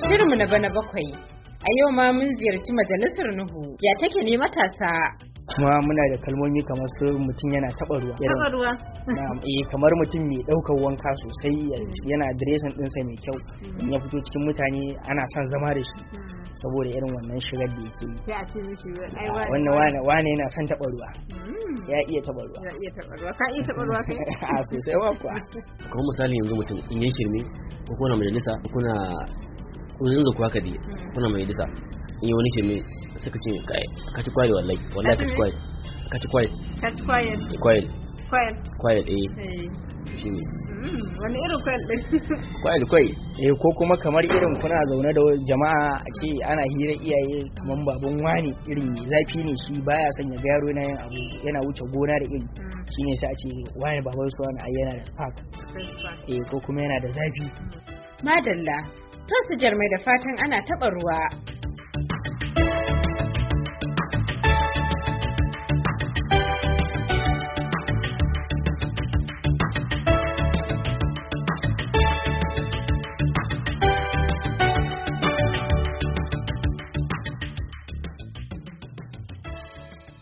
shirinmu na bana bakwai, a yau ma mun ziyarci majalisar Nuhu, ya take ne matasa. kuma muna da kalmomi kamar su mutum yana taba ruwa taba ruwa eh kamar mutum mai daukar wanka sosai yana diresin dinsa mai kyau ya fito cikin mutane ana son zama da shi saboda irin wannan shigar da yake yi wannan wane yana son taba mm. ruwa ya iya taba ruwa ya iya taba ruwa ka iya taba ruwa kai a sosai wa kuwa kuma misali yanzu mutum in yi shirme ko kuna majalisa ko kuna wurin zuwa kuwa ka bi tana mai disa in yi wani ce mai suka ce ka ci kwaye wallai wallai ka ci kwaye ka ci kwaye ka ci kwaye kwaye kwaye eh. eh shi ne mm, wani irin kwaye kwaye kwaye eh ko kuma kamar irin kuna zaune da jama'a a ce ana hira iyaye kamar baban wani irin zafi ne shi baya son ya ga yaro yana yin abu yana wuce gona da iri mm. ne sai a ce wani baban su wani yana da spark eh ko kuma yana da zafi madalla To mai da fatan ana taɓa ruwa.